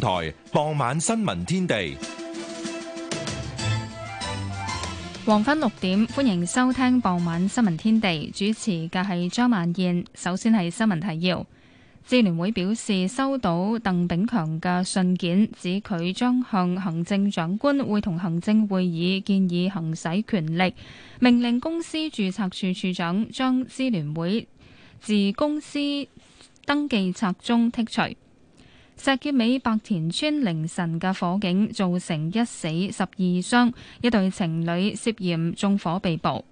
台傍晚新聞天地，黃昏六點歡迎收聽傍晚新聞天地。主持嘅係張曼燕，首先係新聞提要。支聯會表示收到鄧炳強嘅信件，指佢將向行政長官會同行政會議建議行使權力，命令公司註冊處處長將支聯會自公司登記冊中剔除。石硤尾白田村凌晨嘅火警造成一死十二傷，一對情侶涉嫌縱火被捕。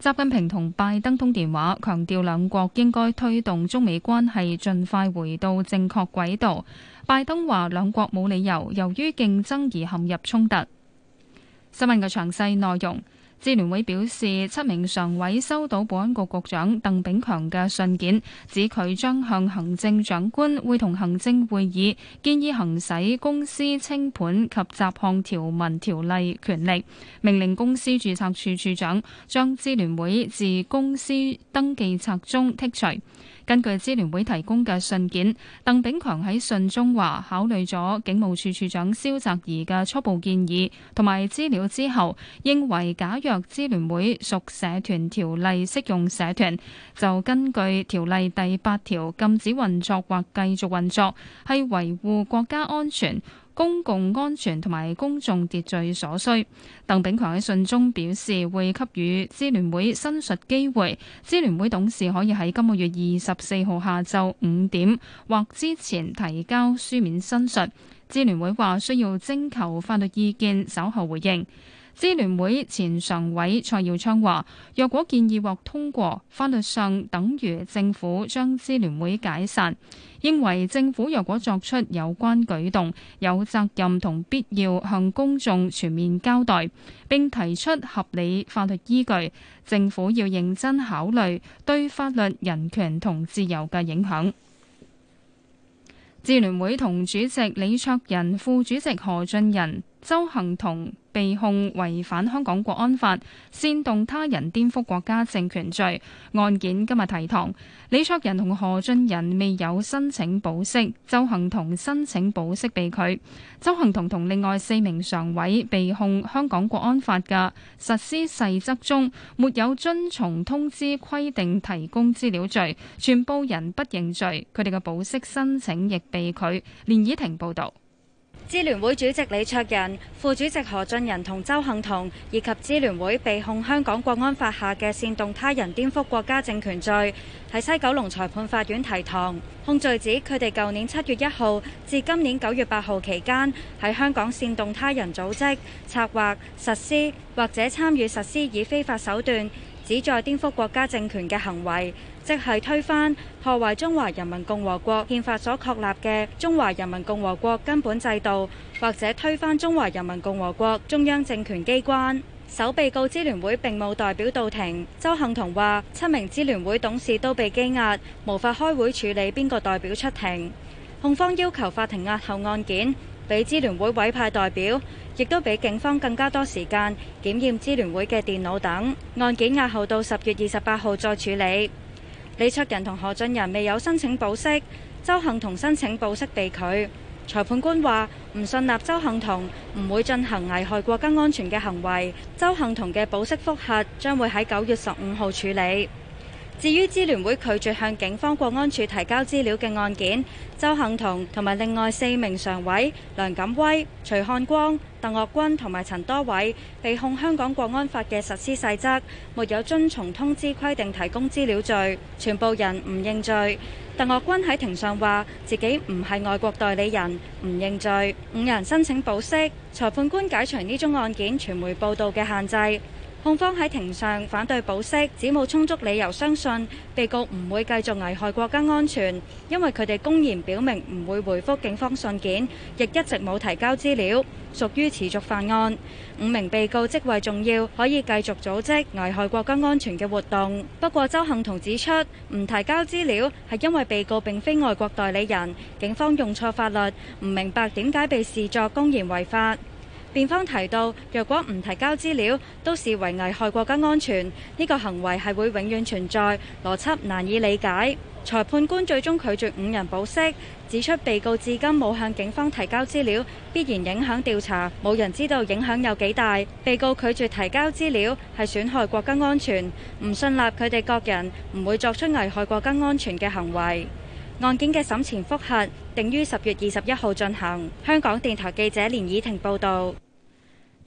習近平同拜登通電話，強調兩國應該推動中美關係盡快回到正確軌道。拜登話，兩國冇理由由於競爭而陷入衝突。新聞嘅詳細內容。支聯會表示，七名常委收到保安局局長鄧炳強嘅信件，指佢將向行政長官會同行政會議建議行使公司清盤及雜項條文條例權力，命令公司註冊處處長將支聯會自公司登記冊中剔除。根據支聯會提供嘅信件，鄧炳強喺信中話考慮咗警務處處長蕭澤頤嘅初步建議同埋資料之後，認為假如若支聯會屬社團條例適用社團，就根據條例第八條禁止運作或繼續運作，係維護國家安全、公共安全同埋公眾秩序所需。鄧炳強喺信中表示，會給予支聯會申述機會，支聯會董事可以喺今個月二十四號下晝五點或之前提交書面申述。支聯會話需要徵求法律意見，稍後回應。支聯會前常委蔡耀昌話：若果建議獲通過，法律上等於政府將支聯會解散。認為政府若果作出有關舉動，有責任同必要向公眾全面交代，並提出合理法律依據。政府要認真考慮對法律、人權同自由嘅影響。支聯會同主席李卓人、副主席何俊仁、鄒幸彤被控違反香港國安法、煽動他人顛覆國家政權罪案件今日提堂，李卓人同何俊仁未有申請保釋，鄒幸彤申請保釋被拒。鄒幸彤同另外四名常委被控香港國安法嘅實施細則中沒有遵從通知規定提供資料罪，全部人不認罪，佢哋嘅保釋申請亦被拒。連以婷報道。支聯會主席李卓人、副主席何俊仁同周幸彤以及支聯會被控香港國安法下嘅煽動他人顛覆國家政權罪，喺西九龍裁判法院提堂。控罪指佢哋舊年七月一號至今年九月八號期間喺香港煽動他人組織、策劃、實施或者參與實施以非法手段旨在顛覆國家政權嘅行為。即係推翻破壞中華人民共和國憲法所確立嘅中華人民共和國根本制度，或者推翻中華人民共和國中央政權機關。首被告支聯會並冇代表到庭。鄒幸彤話：七名支聯會董事都被拘押，無法開會處理邊個代表出庭。控方要求法庭押後案件，俾支聯會委派代表，亦都俾警方更加多時間檢驗支聯會嘅電腦等。案件押後到十月二十八號再處理。李卓人同何俊仁未有申請保釋，周幸彤申請保釋被拒。裁判官話：唔信納周幸彤唔會進行危害國家安全嘅行為。周幸彤嘅保釋覆核將會喺九月十五號處理。至於支聯會拒絕向警方、國安處提交資料嘅案件，周幸彤同埋另外四名常委梁錦威、徐漢光、鄧岳君同埋陳多偉，被控香港國安法嘅實施細則沒有遵從通知規定提供資料罪，全部人唔認罪。鄧岳君喺庭上話自己唔係外國代理人，唔認罪。五人申請保釋，裁判官解除呢宗案件傳媒報導嘅限制。控方喺庭上反對保釋，只冇充足理由相信被告唔會繼續危害國家安全，因為佢哋公然表明唔會回覆警方信件，亦一直冇提交資料，屬於持續犯案。五名被告職位重要，可以繼續組織危害國家安全嘅活動。不過，鄒幸彤指出，唔提交資料係因為被告並非外國代理人，警方用錯法律，唔明白點解被視作公然違法。辯方提到，若果唔提交資料，都視為危害國家安全，呢個行為係會永遠存在，邏輯難以理解。裁判官最終拒絕五人保釋，指出被告至今冇向警方提交資料，必然影響調查，冇人知道影響有幾大。被告拒絕提交資料係損害國家安全，唔信納佢哋各人唔會作出危害國家安全嘅行為。案件嘅審前覆核定於十月二十一號進行。香港電台記者連以婷報導。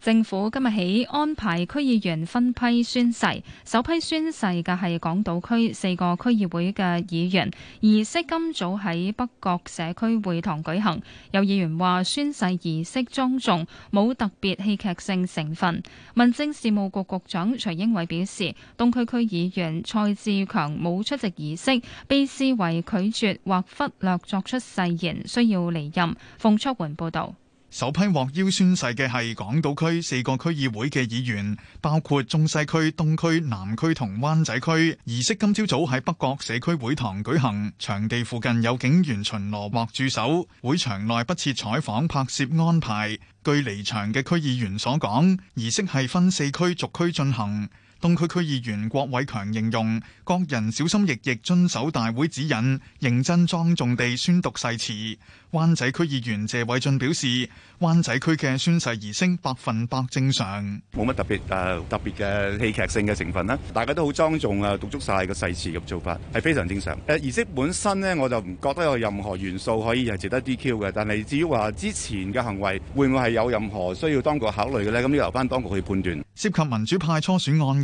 政府今日起安排區議員分批宣誓，首批宣誓嘅係港島區四個區議會嘅議員，儀式今早喺北角社區會堂舉行。有議員話宣誓儀式莊重，冇特別戲劇性成分。民政事務局局長徐英偉表示，東區區議員蔡志強冇出席儀式，被視為拒絕或忽略作出誓言，需要離任。馮卓桓報道。首批獲邀宣誓嘅係港島區四個區議會嘅議員，包括中西區、東區、南區同灣仔區。儀式今朝早喺北角社區會堂舉行，場地附近有警員巡邏或駐守，會場內不設採訪拍攝安排。據離場嘅區議員所講，儀式係分四區逐區進行。東區區議員郭偉強形容，各人小心翼翼遵守大會指引，認真莊重地宣讀誓詞。灣仔區議員謝偉俊表示，灣仔區嘅宣誓儀式百分百正常，冇乜特別誒、呃、特別嘅戲劇性嘅成分啦。大家都好莊重啊，讀足晒個誓詞，咁做法係非常正常。誒，儀式本身呢，我就唔覺得有任何元素可以係值得 DQ 嘅。但係至於話之前嘅行為會唔會係有任何需要當局考慮嘅呢？咁要留翻當局去判斷。涉及民主派初選案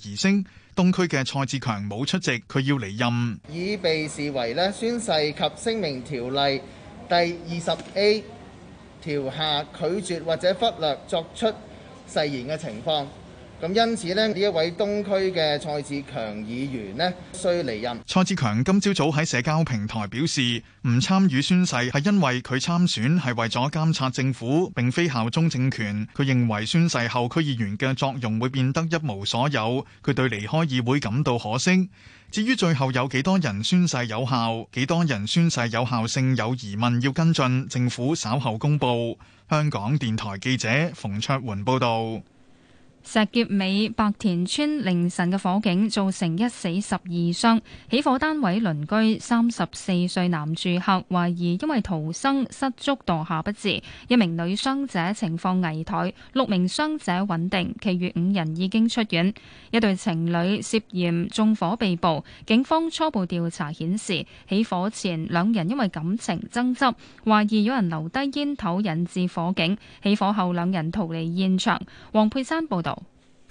而升，東區嘅蔡志強冇出席，佢要離任，已被視為咧宣誓及聲明條例第二十 A 條下拒絕或者忽略作出誓言嘅情況。咁因此呢，呢一位東區嘅蔡志強議員呢，需離任。蔡志強今朝早喺社交平台表示，唔參與宣誓係因為佢參選係為咗監察政府，並非效忠政權，佢認為宣誓後區議員嘅作用會變得一無所有。佢對離開議會感到可惜。至於最後有幾多人宣誓有效，幾多人宣誓有效性有疑問要跟進，政府稍後公布。香港電台記者馮卓媛報道。石硤尾白田村凌晨嘅火警造成一死十二傷，起火單位鄰居三十四歲男住客懷疑因為逃生失足墮下不治，一名女傷者情況危殆，六名傷者穩定，其餘五人已經出院。一對情侶涉嫌縱火被捕，警方初步調查顯示，起火前兩人因為感情爭執，懷疑有人留低煙頭引致火警，起火後兩人逃離現場。黃佩珊報道。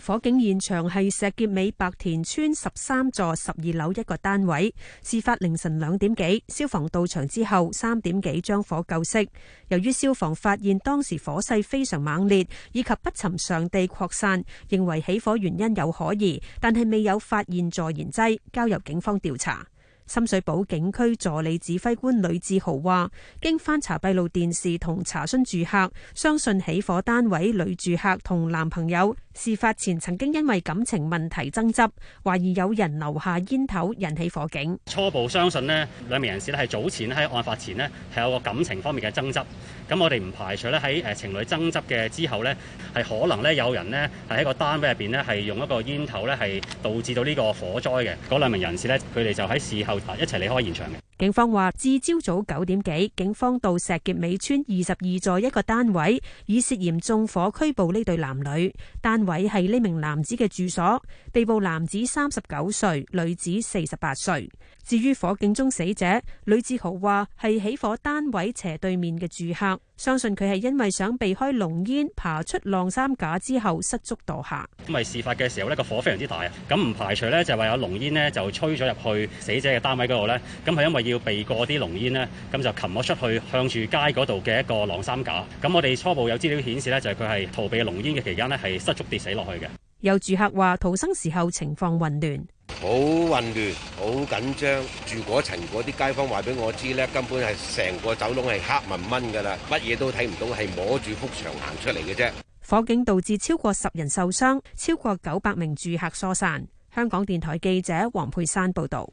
火警現場係石硖尾白田村十三座十二樓一個單位。事發凌晨兩點幾，消防到場之後三點幾將火救熄。由於消防發現當時火勢非常猛烈，以及不尋常地擴散，認為起火原因有可疑，但係未有發現助燃劑，交由警方調查。深水埗警區助理指揮官呂志豪話：經翻查閉路電視同查詢住客，相信起火單位女住客同男朋友。事發前曾經因為感情問題爭執，懷疑有人留下煙頭引起火警。初步相信咧，兩名人士咧係早前喺案發前咧係有個感情方面嘅爭執。咁我哋唔排除咧喺誒情侶爭執嘅之後咧係可能咧有人咧係喺個單位入邊咧係用一個煙頭咧係導致到呢個火災嘅。嗰兩名人士咧佢哋就喺事後一齊離開現場嘅。警方話至朝早九點幾，警方到石硖尾村二十二座一個單位，以涉嫌縱火拘捕呢對男女，但。位係呢名男子嘅住所，被捕男子三十九歲，女子四十八歲。至於火警中死者，呂志豪話係起火單位斜對面嘅住客，相信佢係因為想避開濃煙，爬出晾衫架之後失足墮下。因為事發嘅時候呢個火非常之大啊，咁唔排除呢就係話有濃煙呢就吹咗入去死者嘅單位嗰度呢。咁係因為要避過啲濃煙呢，咁就擒咗出去向住街嗰度嘅一個晾衫架。咁我哋初步有資料顯示呢，就係佢係逃避濃煙嘅期間呢，係失足跌死落去嘅。有住客話逃生時候情況混亂，好混亂，好緊張。住嗰層嗰啲街坊話俾我知咧，根本係成個走廊係黑蚊蚊㗎喇，乜嘢都睇唔到，係摸住幅牆行出嚟嘅啫。火警導致超過十人受傷，超過九百名住客疏散。香港電台記者黃佩珊報道。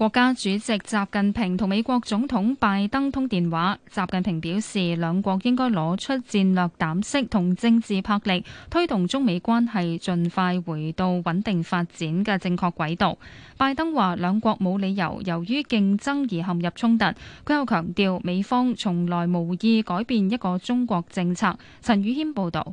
國家主席習近平同美國總統拜登通電話。習近平表示，兩國應該攞出戰略膽識同政治魄力，推動中美關係盡快回到穩定發展嘅正確軌道。拜登話，兩國冇理由由於競爭而陷入衝突。佢又強調，美方從來無意改變一個中國政策。陳宇謙報道。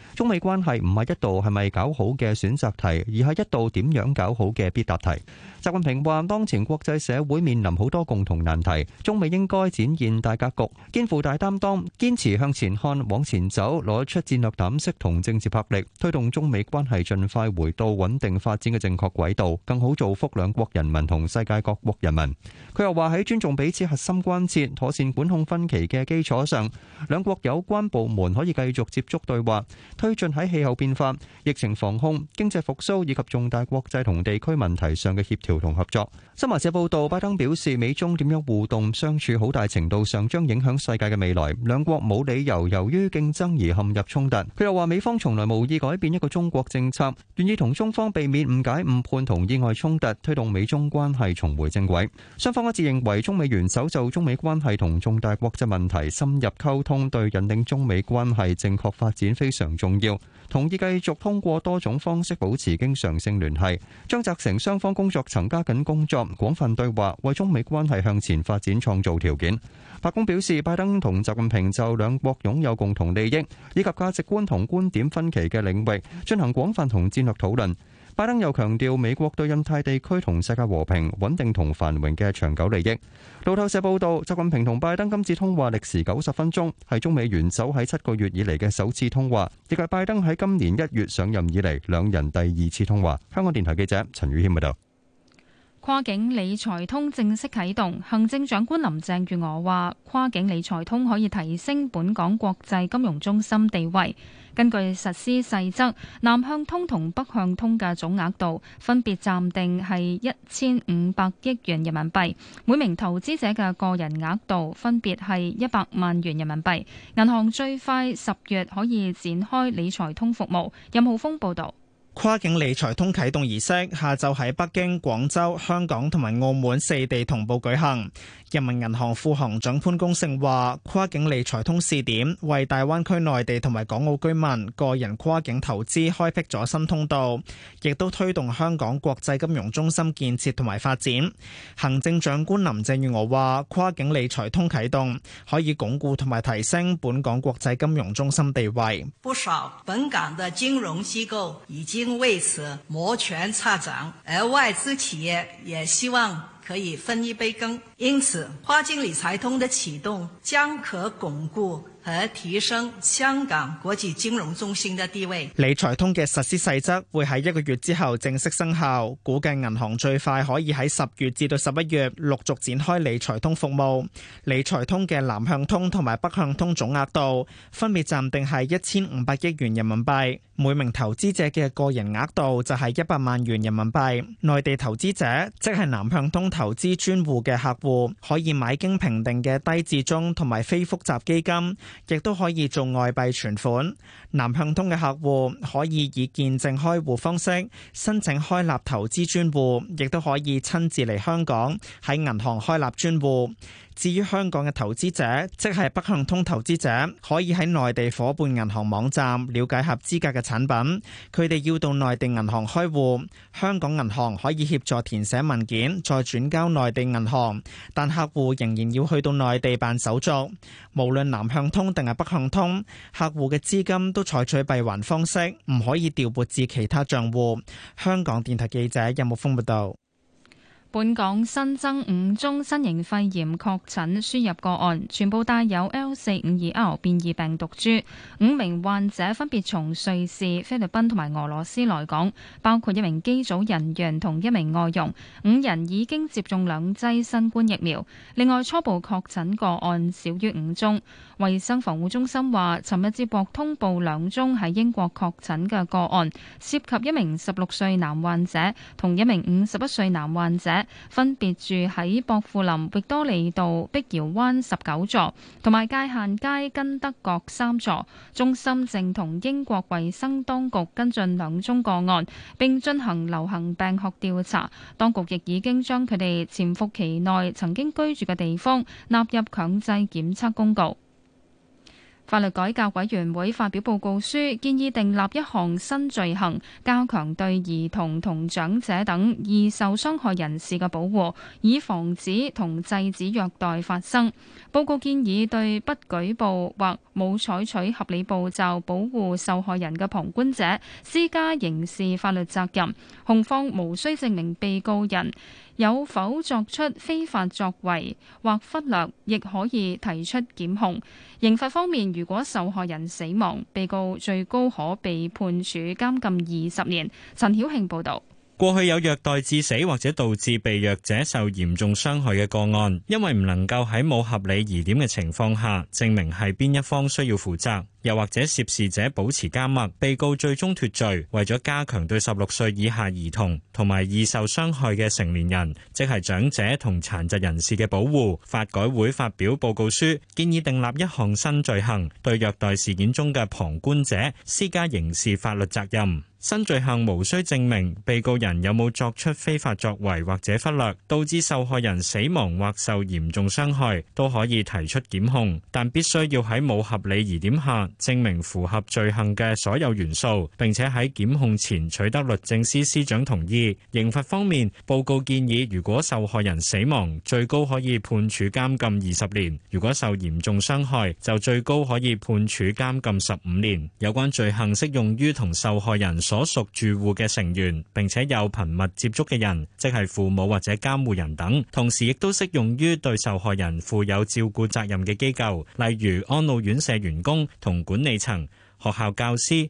中美關係唔係一道係咪搞好嘅選擇題，而係一道點樣搞好嘅必答題。習近平話：當前國際社會面臨好多共同難題，中美應該展現大格局、肩負大擔當，堅持向前看、往前走，攞出戰略膽識同政治魄力，推動中美關係盡快回到穩定發展嘅正確軌道，更好造福兩國人民同世界各國人民。佢又話喺尊重彼此核心關切、妥善管控分歧嘅基礎上，兩國有關部門可以繼續接觸對話。推進喺氣候變化、疫情防控、經濟復甦以及重大國際同地區問題上嘅協調同合作。新華社報道，拜登表示，美中點樣互動相處，好大程度上將影響世界嘅未來。兩國冇理由由於競爭而陷入衝突。佢又話，美方從來無意改變一個中國政策，願意同中方避免誤解、誤判同意外衝突，推動美中關係重回正軌。雙方一致認為，中美元首就中美關係同重大國際問題深入溝通，對引領中美關係正確發展非常重要。重要，同意繼續通過多種方式保持經常性聯繫。將責成雙方工作層加緊工作，廣泛對話，為中美關係向前發展創造條件。白宮表示，拜登同習近平就兩國擁有共同利益以及價值觀同觀點分歧嘅領域進行廣泛同戰略討論。拜登又強調美國對印太地區同世界和平穩定同繁榮嘅長久利益。路透社報道，習近平同拜登今次通話歷時九十分鐘，係中美元首喺七個月以嚟嘅首次通話，亦係拜登喺今年一月上任以嚟兩人第二次通話。香港電台記者陳宇軒報道，跨境理財通正式啟動，行政長官林鄭月娥話：跨境理財通可以提升本港國際金融中心地位。根據實施細則，南向通同北向通嘅總額度分別暫定係一千五百億元人民幣，每名投資者嘅個人額度分別係一百萬元人民幣。銀行最快十月可以展開理財通服務。任浩峰報導。跨境理財通啟動儀式下晝喺北京、廣州、香港同埋澳門四地同步舉行。人民銀行副行長潘功勝話，跨境理財通試點為大灣區內地同埋港澳居民個人跨境投資開闢咗新通道，亦都推動香港國際金融中心建設同埋發展。行政長官林鄭月娥話，跨境理財通啟動可以鞏固同埋提升本港國際金融中心地位。不少本港的金融機構已經。因為此摩拳擦掌，而外資企業也希望可以分一杯羹，因此跨境理財通的啟動將可鞏固和提升香港國際金融中心嘅地位。理財通嘅實施細則會喺一個月之後正式生效，估計銀行最快可以喺十月至到十一月陸續展開理財通服務。理財通嘅南向通同埋北向通總額度分別暫定係一千五百億元人民幣，每名投資者嘅個人額度就係一百萬元人民幣。內地投資者即係南向通投資專戶嘅客戶，可以買經評定嘅低至中同埋非複雜基金。亦都可以做外幣存款。南向通嘅客戶可以以見證開戶方式申請開立投資專戶，亦都可以親自嚟香港，喺銀行開立專戶。至於香港嘅投資者，即係北向通投資者，可以喺內地伙伴銀行網站了解合資格嘅產品。佢哋要到內地銀行開戶，香港銀行可以協助填寫文件，再轉交內地銀行。但客戶仍然要去到內地辦手續。無論南向通定係北向通，客戶嘅資金都採取閉環方式，唔可以調撥至其他帳戶。香港電台記者任木峯報道。本港新增五宗新型肺炎確診輸入個案，全部帶有 L 四五二 R 變異病毒株。五名患者分別從瑞士、菲律賓同埋俄羅斯來港，包括一名機組人員同一名外傭。五人已經接種兩劑新冠疫苗。另外，初步確診個案少於五宗。衛生防護中心話尋日接駁通報兩宗喺英國確診嘅個案，涉及一名十六歲男患者同一名五十一歲男患者。分別住喺薄扶林、域多利道、碧瑤灣十九座，同埋界限街、根德閣三座。中心正同英國衛生當局跟進兩宗個案，並進行流行病學調查。當局亦已經將佢哋潛伏期內曾經居住嘅地方納入強制檢測公告。法律改革委員會發表報告書建議訂立一項新罪行，加強對兒童同長者等易受傷害人士嘅保護，以防止同制止虐待發生。報告建議對不舉報或冇採取合理步驟保護受害人嘅旁觀者，施加刑事法律責任。控方無需證明被告人有否作出非法作為或忽略，亦可以提出檢控。刑罰方面，如果受害人死亡，被告最高可被判處監禁二十年。陳曉慶報導。過去有虐待致死或者導致被虐者受嚴重傷害嘅個案，因為唔能夠喺冇合理疑點嘅情況下證明係邊一方需要負責，又或者涉事者保持緘默，被告最終脫罪。為咗加強對十六歲以下兒童同埋易受傷害嘅成年人，即係長者同殘疾人士嘅保護，法改會發表報告書，建議訂立一項新罪行，對虐待事件中嘅旁觀者施加刑事法律責任。新罪行無需證明被告人有冇作出非法作為或者忽略導致受害人死亡或受嚴重傷害，都可以提出檢控，但必須要喺冇合理疑點下證明符合罪行嘅所有元素，並且喺檢控前取得律政司司長同意。刑罰方面，報告建議，如果受害人死亡，最高可以判處監禁二十年；如果受嚴重傷害，就最高可以判處監禁十五年。有關罪行適用於同受害人。所屬住戶嘅成員，並且有頻密接觸嘅人，即係父母或者監護人等，同時亦都適用於對受害人負有照顧責任嘅機構，例如安老院舍員工同管理層、學校教師。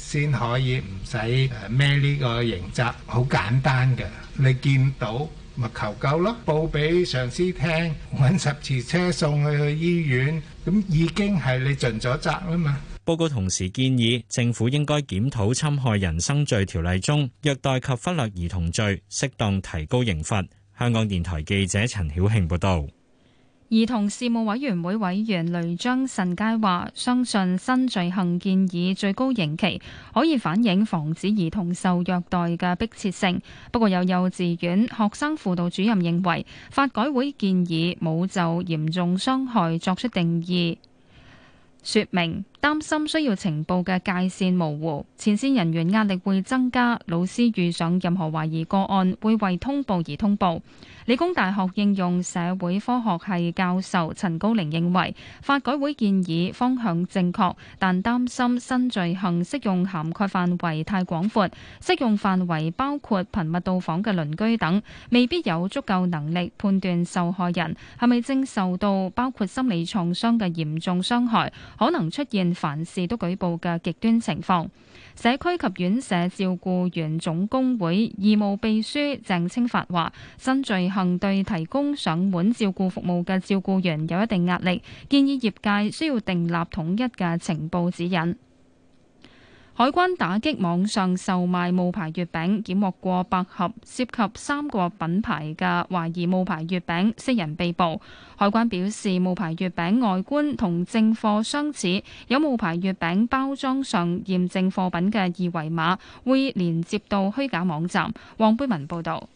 先可以唔使孭呢個刑責，好簡單嘅。你見到咪求救咯，報俾上司聽，揾十字車送佢去醫院，咁已經係你盡咗責啦嘛。報告同時建議政府應該檢討《侵害人身罪條例》中虐待及忽略兒童罪，適當提高刑罰。香港電台記者陳曉慶報導。兒童事務委員會委員雷張慎佳話：相信新罪行建議最高刑期可以反映防止兒童受虐待嘅迫切性。不過有幼稚園學生輔導主任認為，法改會建議冇就嚴重傷害作出定義。說明擔心需要情報嘅界線模糊，前線人員壓力會增加。老師遇上任何懷疑個案，會為通報而通報。理工大學應用社會科學系教授陳高凌認為，法改會建議方向正確，但擔心新罪行適用涵蓋範圍太廣闊，適用範圍包括頻密到訪嘅鄰居等，未必有足夠能力判斷受害人係咪正受到包括心理創傷嘅嚴重傷害。可能出現凡事都舉報嘅極端情況。社區及院舍照顧員總工會義務秘書鄭清發話：新罪行對提供上門照顧服務嘅照顧員有一定壓力，建議業界需要訂立統一嘅情報指引。海關打擊網上售賣冒牌月餅，檢獲過百盒涉及三個品牌嘅懷疑冒牌月餅，十人被捕。海關表示，冒牌月餅外觀同正貨相似，有冒牌月餅包裝上驗證貨品嘅二維碼，會連接到虛假網站。黃貝文報導。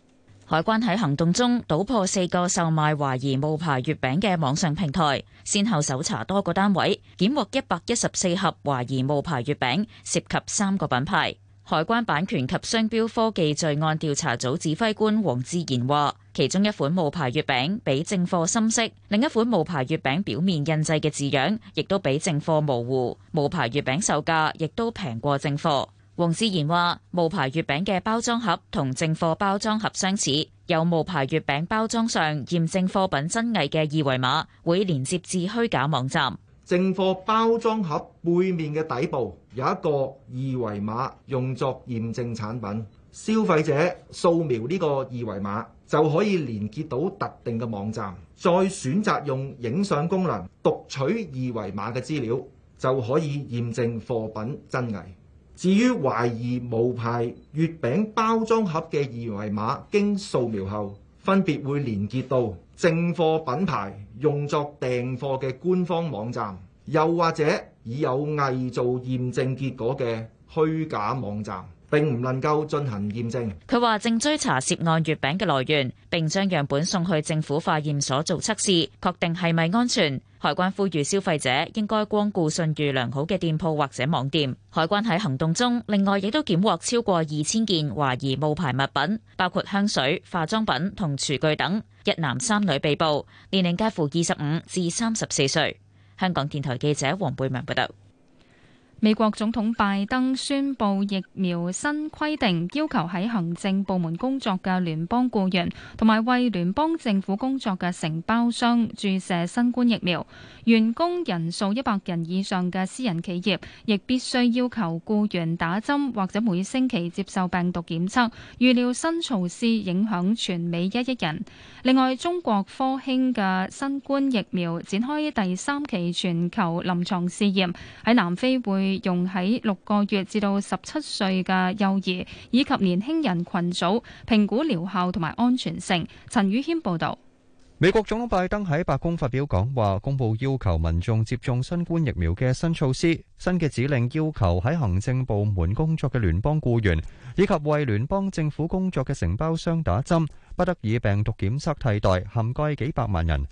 海關喺行動中搗破四個售賣懷疑冒牌月餅嘅網上平台，先後搜查多個單位，檢獲一百一十四盒懷疑冒牌月餅，涉及三個品牌。海關版權及商標科技罪案調查組指揮官黃志賢話，其中一款冒牌月餅比正貨深色，另一款冒牌月餅表面印製嘅字樣亦都比正貨模糊，冒牌月餅售價亦都平過正貨。黃思賢話：冒牌月餅嘅包裝盒同正貨包裝盒相似，有冒牌月餅包裝上驗證貨品真偽嘅二維碼，會連接至虛假網站。正貨包裝盒背面嘅底部有一個二維碼，用作驗證產品。消費者掃描呢個二維碼就可以連結到特定嘅網站，再選擇用影相功能讀取二維碼嘅資料，就可以驗證貨品真偽。至於懷疑冒牌月餅包裝盒嘅二維碼，經掃描後分別會連結到正貨品牌用作訂貨嘅官方網站，又或者已有偽造驗證結果嘅虛假網站。並唔能夠進行驗證。佢話正追查涉案月餅嘅來源，並將樣本送去政府化驗所做測試，確定係咪安全。海關呼籲消費者應該光顧信譽良好嘅店鋪或者網店。海關喺行動中，另外亦都檢獲超過二千件懷疑冒牌物品，包括香水、化妝品同廚具等。一男三女被捕，年齡介乎二十五至三十四歲。香港電台記者黃貝文報道。美國總統拜登宣布疫苗新規定，要求喺行政部門工作嘅聯邦僱員同埋為聯邦政府工作嘅承包商注射新冠疫苗。員工人數一百人以上嘅私人企業亦必須要求僱員打針或者每星期接受病毒檢測。預料新措施影響全美一億人。另外，中國科興嘅新冠疫苗展開第三期全球臨床試驗，喺南非會。用喺六個月至到十七歲嘅幼兒以及年輕人群組，評估療效同埋安全性。陳宇謙報道。美國總統拜登喺白宮發表講話，公布要求民眾接種新冠疫苗嘅新措施。新嘅指令要求喺行政部門工作嘅聯邦僱員以及為聯邦政府工作嘅承包商打針，不得以病毒檢測替代，涵蓋幾百萬人。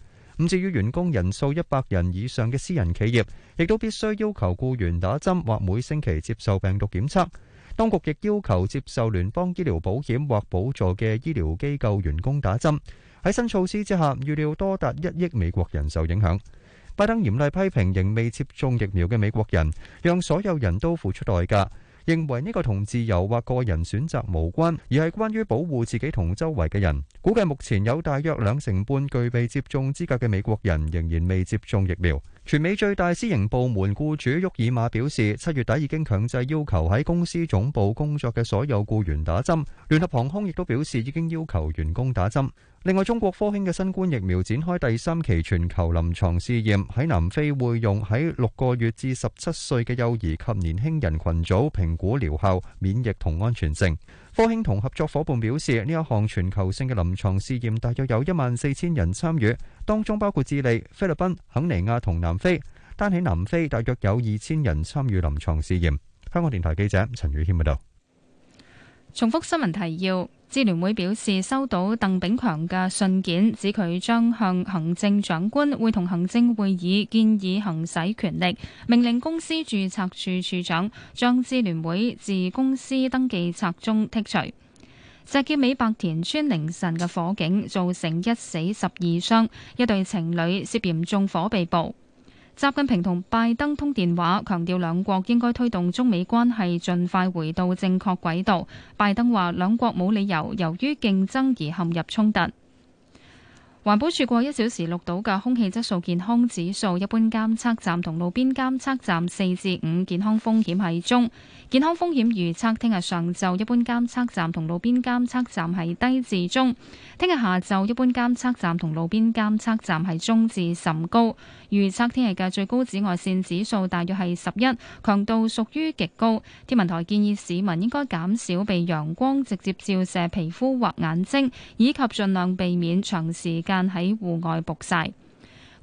至於員工人數一百人以上嘅私人企業，亦都必須要求僱員打針或每星期接受病毒檢測。當局亦要求接受聯邦醫療保險或補助嘅醫療機構員工打針。喺新措施之下，預料多達一億美國人受影響。拜登嚴厲批評仍未接種疫苗嘅美國人，讓所有人都付出代價。認為呢個同自由或個人選擇無關，而係關於保護自己同周圍嘅人。估計目前有大約兩成半具備接種資格嘅美國人仍然未接種疫苗。全美最大私營部門僱主沃爾瑪表示，七月底已經強制要求喺公司總部工作嘅所有僱員打針。聯合航空亦都表示已經要求員工打針。另外，中國科興嘅新冠疫苗展開第三期全球臨床試驗，喺南非會用喺六個月至十七歲嘅幼兒及年輕人群組評估療效、免疫同安全性。科興同合作夥伴表示，呢一項全球性嘅臨床試驗大約有一萬四千人參與，當中包括智利、菲律賓、肯尼亞同南非。單喺南非，大約有二千人參與臨床試驗。香港電台記者陳宇謙報道。重複新聞提要。支聯會表示收到鄧炳強嘅信件，指佢將向行政長官會同行政會議建議行使權力，命令公司註冊處處長將支聯會自公司登記冊中剔除。石硤尾白田村凌晨嘅火警造成一死十二傷，一對情侶涉嫌縱火被捕。習近平同拜登通電話，強調兩國應該推動中美關係盡快回到正確軌道。拜登話，兩國冇理由由於競爭而陷入衝突。環保署過一小時錄到嘅空氣質素健康指數，一般監測站同路邊監測站四至五，健康風險係中。健康風險預測聽日上晝一般監測站同路邊監測站係低至中，聽日下晝一般監測站同路邊監測站係中至甚高。預測聽日嘅最高紫外線指數大約係十一，強度屬於極高。天文台建議市民應該減少被陽光直接照射皮膚或眼睛，以及盡量避免長時間。但喺戶外暴曬，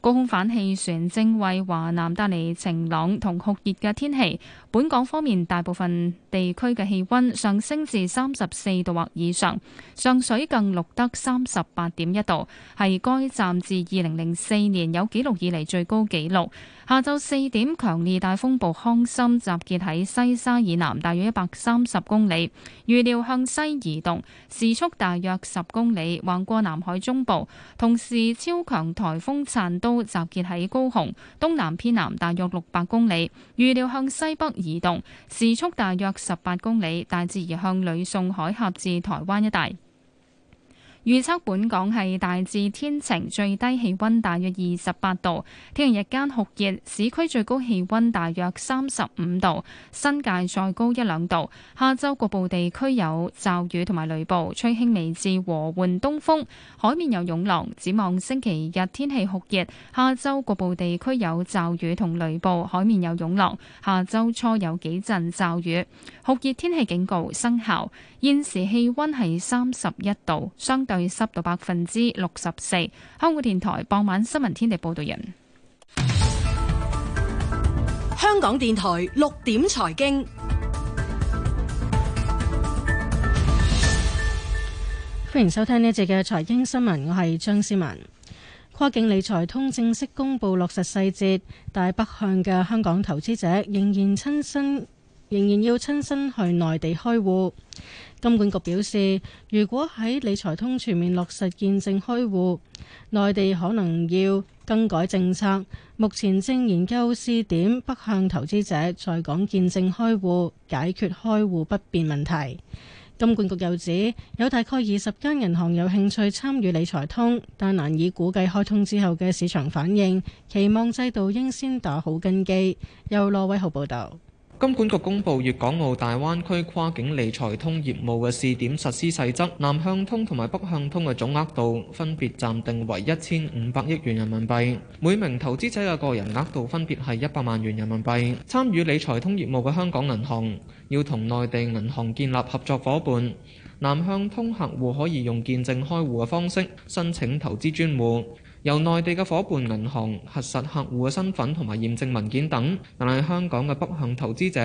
高空反氣旋正為華南帶嚟晴朗同酷熱嘅天氣。本港方面，大部分地區嘅氣溫上升至三十四度或以上，上水更錄得三十八點一度，係該站至二零零四年有記錄以嚟最高紀錄。下晝四點強烈大風暴康森集結喺西沙以南，大約一百三十公里，預料向西移動，時速大約十公里，橫過南海中部。同時超強颱風燦都集結喺高雄東南偏南大約六百公里，預料向西北。移動時速大約十八公里，大致移向呂宋海峽至台灣一帶。預測本港係大致天晴，最低氣溫大約二十八度，聽日日間酷熱，市區最高氣溫大約三十五度，新界再高一兩度。下周局部地區有驟雨同埋雷暴，吹輕微至和緩東風，海面有湧浪。展望星期日天氣酷熱，下周局部地區有驟雨同雷暴，海面有湧浪。下周初有幾陣驟雨，酷熱天氣警告生效。現時氣溫係三十一度，雙。對濕度百分之六十四。香港電台傍晚新聞天地報道人，香港電台六點財經，歡迎收聽呢一節嘅財經新聞，我係張思文。跨境理財通正式公布落實細節，大北向嘅香港投資者仍然親身。仍然要親身去內地開戶。金管局表示，如果喺理財通全面落實見證開戶，內地可能要更改政策。目前正研究試點北向投資者在港見證開戶，解決開戶不便問題，金管局又指，有大概二十間銀行有興趣參與理財通，但難以估計開通之後嘅市場反應，期望制度應先打好根基。由羅偉浩報道。金管局公布粵港澳大灣區跨境理財通業務嘅試點實施細則，南向通同埋北向通嘅總額度分別暫定為一千五百億元人民幣，每名投資者嘅個人額度分別係一百萬元人民幣，參與理財通業務嘅香港銀行要同內地銀行建立合作伙伴。南向通客戶可以用見證開戶嘅方式申請投資專戶。由內地嘅伙伴銀行核實客戶嘅身份同埋驗證文件等，但係香港嘅北向投資者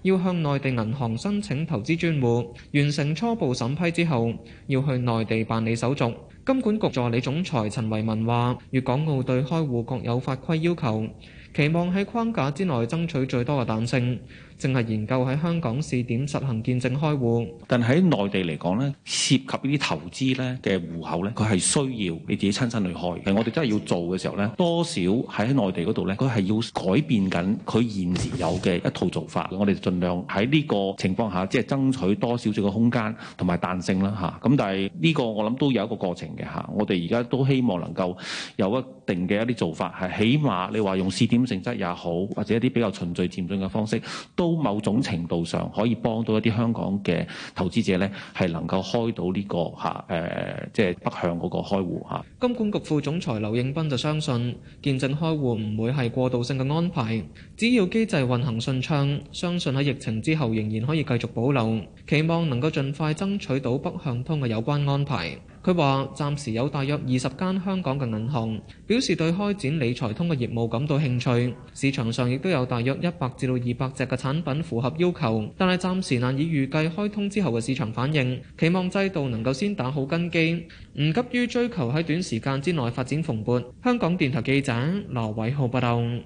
要向內地銀行申請投資專戶，完成初步審批之後，要去內地辦理手續。金管局助理總裁陳維民話，粵港澳對開戶各有法規要求。期望喺框架之內爭取最多嘅彈性，淨係研究喺香港試點實行見證開戶。但喺內地嚟講咧，涉及呢啲投資咧嘅戶口咧，佢係需要你自己親身去開，係我哋真係要做嘅時候咧，多少喺內地嗰度咧，佢係要改變緊佢現時有嘅一套做法。我哋盡量喺呢個情況下，即係爭取多少少嘅空間同埋彈性啦吓，咁但係呢個我諗都有一個過程嘅吓，我哋而家都希望能夠有一定嘅一啲做法，係起碼你話用試點。性質也好，或者一啲比較循序漸進嘅方式，都某種程度上可以幫到一啲香港嘅投資者呢係能夠開到呢、這個嚇誒，即、呃、係、就是、北向嗰個開戶嚇。金管局副總裁劉應斌就相信，見證開戶唔會係過渡性嘅安排，只要機制運行順暢，相信喺疫情之後仍然可以繼續保留，期望能夠盡快爭取到北向通嘅有關安排。佢話：暫時有大約二十間香港嘅銀行表示對開展理財通嘅業務感到興趣，市場上亦都有大約一百至到二百隻嘅產品符合要求，但係暫時難以預計開通之後嘅市場反應，期望制度能夠先打好根基，唔急於追求喺短時間之內發展蓬勃。香港電台記者羅偉浩報道。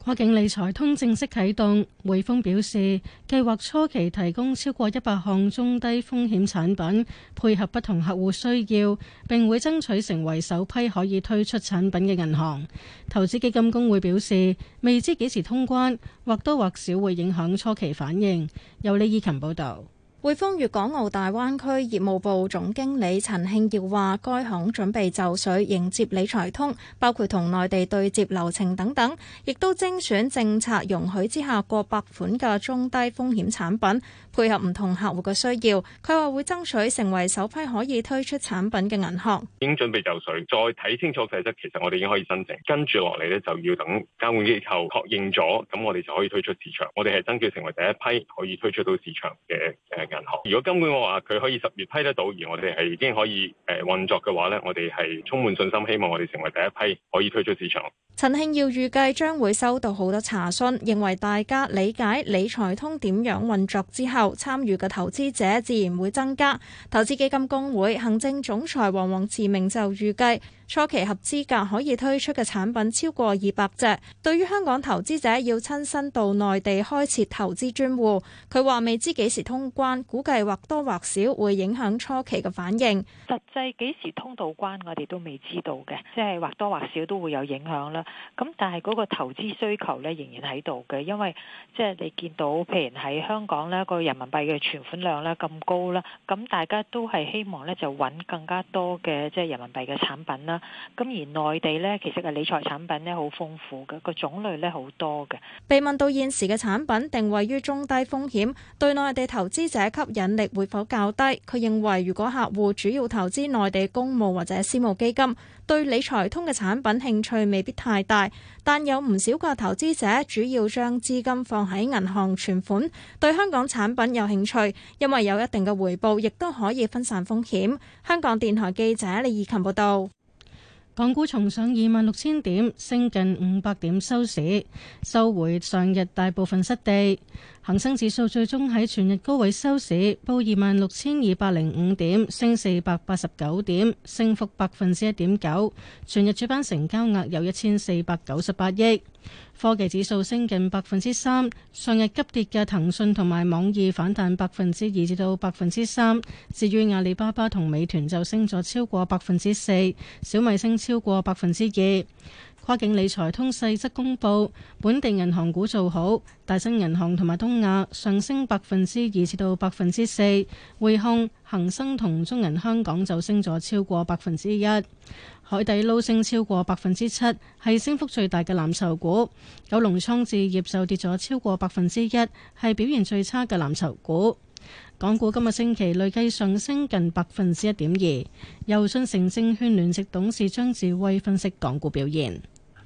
跨境理財通正式啟動，匯豐表示計劃初期提供超過一百項中低風險產品，配合不同客戶需要，並會爭取成為首批可以推出產品嘅銀行。投資基金公會表示，未知幾時通關，或多或少會影響初期反應。由李依琴報道。匯豐粵港澳大灣區業務部總經理陳慶耀話，該行準備就緒迎接理財通，包括同內地對接流程等等，亦都精選政策容許之下過百款嘅中低風險產品，配合唔同客戶嘅需要。佢話會爭取成為首批可以推出產品嘅銀行。已經準備就緒，再睇清楚細則，其實我哋已經可以申請。跟住落嚟呢，就要等監管機構確認咗，咁我哋就可以推出市場。我哋係爭取成為第一批可以推出到市場嘅銀行，如果根本我話佢可以十月批得到，而我哋係已經可以誒運作嘅話呢，我哋係充滿信心，希望我哋成為第一批可以推出市場。陳慶耀預計將會收到好多查詢，認為大家理解理財通點樣運作之後，參與嘅投資者自然會增加。投資基金公會行政總裁黃王慈明就預計。初期合資格可以推出嘅產品超過二百隻，對於香港投資者要親身到內地開設投資專戶，佢話未知幾時通關，估計或多或少會影響初期嘅反應，實際幾時通到關我哋都未知道嘅，即係或多或少都會有影響啦。咁但係嗰個投資需求咧仍然喺度嘅，因為，即係你見到，譬如喺香港咧個人民幣嘅存款量咧咁高啦，咁大家都係希望咧就揾更加多嘅即係人民幣嘅產品啦。咁而內地呢，其實嘅理財產品呢，好豐富嘅，個種類呢，好多嘅。被問到現時嘅產品定位於中低風險，對內地投資者吸引力會否較低？佢認為，如果客戶主要投資內地公募或者私募基金，對理財通嘅產品興趣未必太大。但有唔少個投資者主要將資金放喺銀行存款，對香港產品有興趣，因為有一定嘅回報，亦都可以分散風險。香港電台記者李義琴報道。港股重上二萬六千點，升近五百點收市，收回上日大部分失地。恒生指數最終喺全日高位收市，報二萬六千二百零五點，升四百八十九點，升幅百分之一點九。全日主板成交額有一千四百九十八億。科技指數升近百分之三，上日急跌嘅騰訊同埋網易反彈百分之二至到百分之三，至於阿里巴巴同美團就升咗超過百分之四，小米升超過百分之二。跨境理財通細則公布，本地銀行股做好，大新銀行同埋東亞上升百分之二至到百分之四。匯控、恒生同中銀香港就升咗超過百分之一，海底撈升超過百分之七，係升幅最大嘅藍籌股。九龍倉置業就跌咗超過百分之一，係表現最差嘅藍籌股。港股今個星期累計上升近百分之一點二。由信誠證券聯席董事張智威分析港股表現。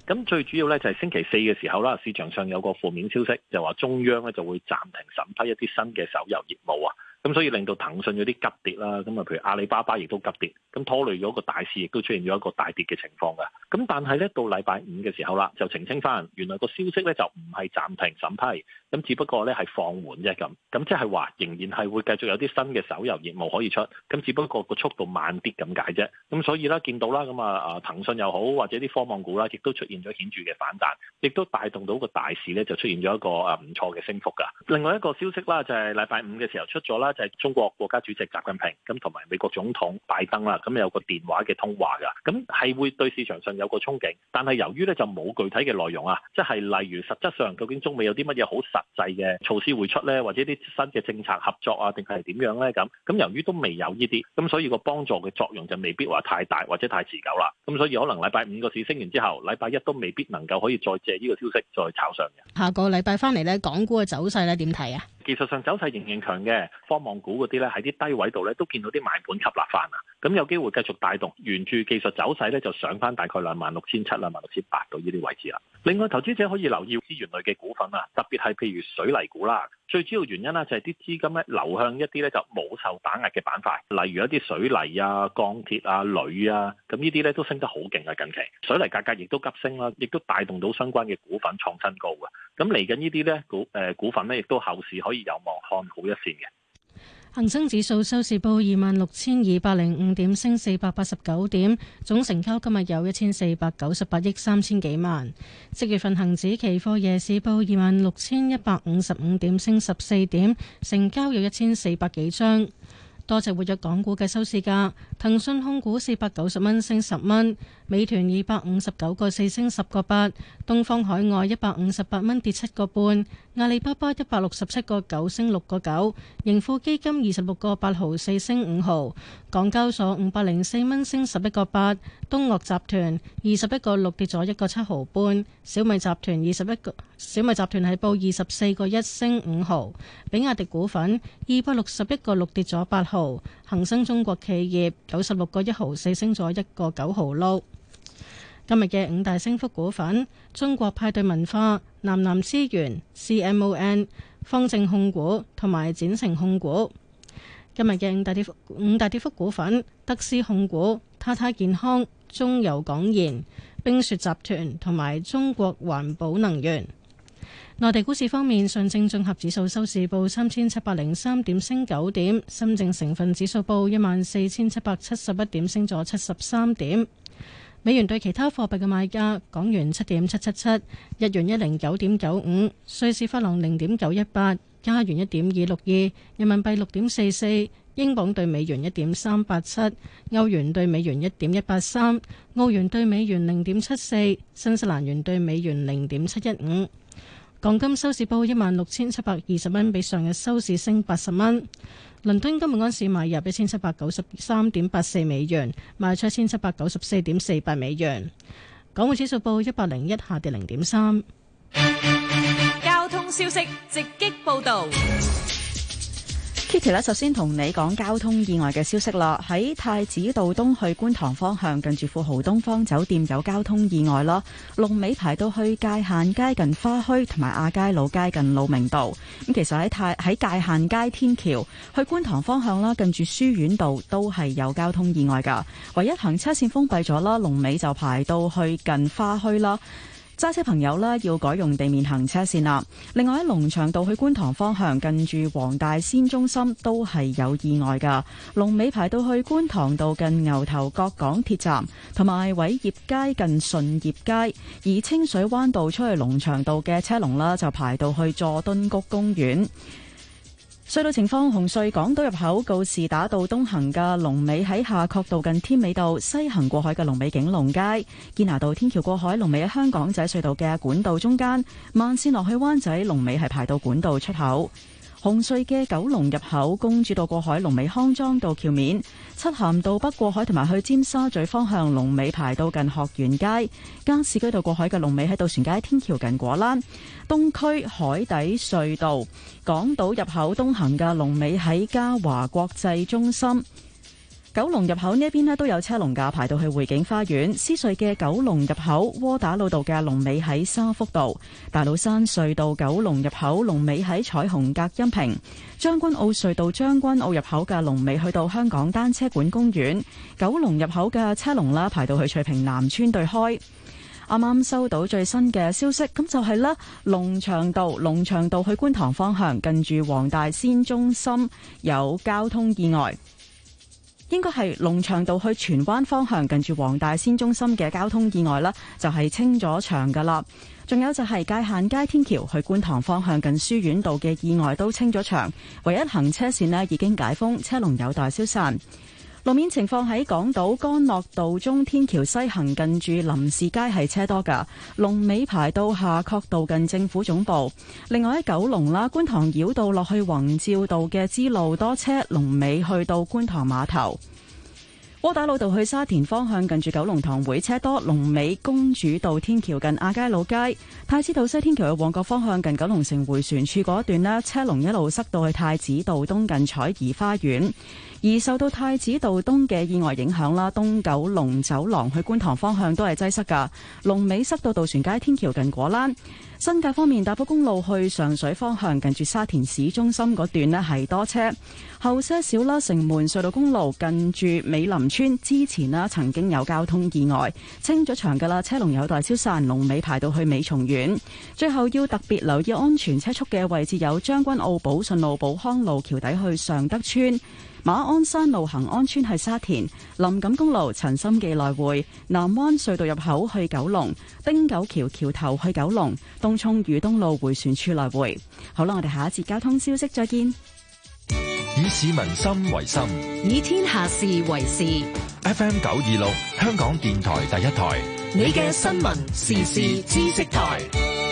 咁最主要咧就係星期四嘅時候啦，市場上有個負面消息，就話中央咧就會暫停審批一啲新嘅手遊業務啊。咁所以令到騰訊有啲急跌啦，咁啊，譬如阿里巴巴亦都急跌，咁拖累咗個大市，亦都出現咗一個大跌嘅情況噶。咁但係咧，到禮拜五嘅時候啦，就澄清翻，原來個消息咧就唔係暫停審批，咁只不過咧係放緩啫咁。咁即係話仍然係會繼續有啲新嘅手遊業務可以出，咁只不過個速度慢啲咁解啫。咁所以啦，見到啦，咁啊啊騰訊又好，或者啲科網股啦，亦都出現咗顯著嘅反彈，亦都帶動到個大市咧，就出現咗一個啊唔錯嘅升幅噶。另外一個消息啦，就係禮拜五嘅時候出咗啦。就係中國國家主席習近平咁同埋美國總統拜登啦，咁有個電話嘅通話噶，咁係會對市場上有個憧憬，但係由於咧就冇具體嘅內容啊，即係例如實質上究竟中美有啲乜嘢好實際嘅措施會出咧，或者啲新嘅政策合作啊，定係點樣咧咁？咁由於都未有呢啲，咁所以個幫助嘅作用就未必話太大或者太持久啦。咁所以可能禮拜五個市升完之後，禮拜一都未必能夠可以再借呢個消息再炒上嘅。下個禮拜翻嚟咧，港股嘅走勢咧點睇啊？技術上走勢仍然強嘅科網股嗰啲咧，喺啲低位度咧，都見到啲買盤吸納翻啊！咁有機會繼續帶動沿住技術走勢咧，就上翻大概兩萬六千七、兩萬六千八到呢啲位置啦。另外投資者可以留意資源類嘅股份啊，特別係譬如水泥股啦。最主要原因咧就係啲資金咧流向一啲咧就冇受打壓嘅板塊，例如一啲水泥啊、鋼鐵啊、鋁啊，咁呢啲咧都升得好勁啊！近期水泥價格亦都急升啦，亦都帶動到相關嘅股份創新高嘅。咁嚟緊呢啲咧股誒股份咧，亦都後市可以有望看好一線嘅。恒生指數收市報二萬六千二百零五點，升四百八十九點，總成交今日有一千四百九十八億三千幾萬。即月份恒指期貨夜市報二萬六千一百五十五點，升十四點，成交有一千四百幾張。多隻活躍港股嘅收市價，騰訊控股四百九十蚊升十蚊，美團二百五十九個四升十個八，東方海外一百五十八蚊跌七個半。阿里巴巴一百六十七個九升六個九，盈富基金二十六個八毫四升五毫，港交所五百零四蚊升十一個八，東岳集團二十一個六跌咗一個七毫半，小米集團二十一個小米集團係報二十四個一升五毫，比亞迪股份二百六十一個六跌咗八毫，恒生中國企業九十六個一毫四升咗一個九毫六。今日嘅五大升幅股份：中國派對文化、南南資源、CMON、方正控股同埋展成控股。今日嘅五大跌五大跌幅股份：德斯控股、他他健康、中油港燃、冰雪集團同埋中國環保能源。內地股市方面，上證綜合指數收市報三千七百零三點，升九點；深證成分指數報一萬四千七百七十一點，升咗七十三點。美元兌其他貨幣嘅賣價：港元七點七七七，日元一零九點九五，瑞士法郎零點九一八，加元一點二六二，人民幣六點四四，英鎊對美元一點三八七，歐元對美元一點一八三，澳元對美元零點七四，新西蘭元對美元零點七一五。港金收市報一萬六千七百二十蚊，比上日收市升八十蚊。倫敦金每盎司買入一千七百九十三點八四美元，賣出一千七百九十四點四八美元。港匯指數報一百零一，下跌零點三。交通消息直擊報道。Kitty 首先同你講交通意外嘅消息啦。喺太子道東去觀塘方向，近住富豪東方酒店有交通意外咯。龍尾排到去界限街近花墟同埋亞街老街近路明道。咁其實喺太喺界限街天橋去觀塘方向啦，近住書院道都係有交通意外噶，唯一行車線封閉咗啦，龍尾就排到去近花墟啦。揸車朋友呢要改用地面行車線啦。另外，喺龍翔道去觀塘方向，近住黃大仙中心都係有意外㗎。龍尾排到去觀塘道近牛頭角港鐵站，同埋偉業街近順業街。而清水灣道出去龍翔道嘅車龍呢，就排到去佐敦谷公園。隧道情況：紅隧港島入口告士打道東行嘅龍尾喺下殼道近天美道；西行過海嘅龍尾景龍街；堅拿道天橋過海龍尾喺香港仔隧道嘅管道中間；慢線落去灣仔龍尾係排到管道出口。紅隧嘅九龍入口公主道過海龍尾康莊道橋面，漆咸道北過海同埋去尖沙咀方向龍尾排到近學園街，加士居道過海嘅龍尾喺渡船街天橋近果欄，東區海底隧道港島入口東行嘅龍尾喺嘉華國際中心。九龍入口呢一邊咧都有車龍架，排到去匯景花園。獅隧嘅九龍入口，窩打老道嘅龍尾喺沙福道。大老山隧道九龍入口龍尾喺彩虹隔音屏。將軍澳隧道將軍澳入口嘅龍尾去到香港單車館公園。九龍入口嘅車龍啦，排到去翠屏南村對開。啱啱收到最新嘅消息，咁就係啦。龍翔道，龍翔道去觀塘方向，近住黃大仙中心，有交通意外。應該係龍翔道去荃灣方向，近住黃大仙中心嘅交通意外啦，呢就係清咗場噶啦。仲有就係界限街天橋去觀塘方向，近書院道嘅意外都清咗場，唯一行車綫呢已經解封，車龍有待消散。路面情況，喺港島干諾道中天橋西行近住林士街係車多噶，龍尾排到夏慤道近政府總部。另外喺九龍啦，觀塘繞道落去宏照道嘅支路多車，龍尾去到觀塘碼頭。窩打老道去沙田方向近住九龍塘會車多，龍尾公主道天橋近亞皆老街。太子道西天橋去旺角方向近九龍城回旋處嗰一段咧，車龍一路塞到去太子道東近彩頤花園。而受到太子道東嘅意外影響啦，東九龍走廊去觀塘方向都係擠塞噶，龍尾塞到渡船街天橋近果欄。新界方面，大埔公路去上水方向，近住沙田市中心嗰段呢係多車，後車少啦。城門隧道公路近住美林村之前啦，曾經有交通意外，清咗場噶啦，車龍有待消散，龍尾排到去美松苑。最後要特別留意安全車速嘅位置有將軍澳寶順路、寶康路橋底去尚德村。馬鞍山路恆安村去沙田，林錦公路陳心記來回，南灣隧道入口去九龍，汀九橋橋頭去九龍，東涌裕東路回旋處來回。好啦，我哋下一節交通消息再見。以市民心為心，以天下事為事。F M 九二六，香港電台第一台，你嘅新聞時事知識台。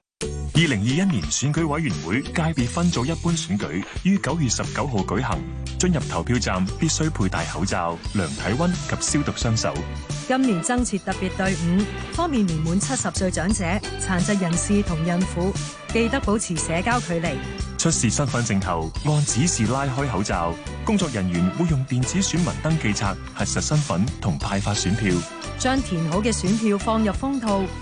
二零二一年選舉委員會界別分組一般選舉於九月十九號舉行。進入投票站必須佩戴口罩、量體溫及消毒雙手。今年增設特別隊伍，方便年滿七十歲長者、殘疾人士同孕婦。記得保持社交距離。出示身份證後，按指示拉開口罩。工作人員會用電子選民登記冊核實身份同派發選票。將填好嘅選票放入封套。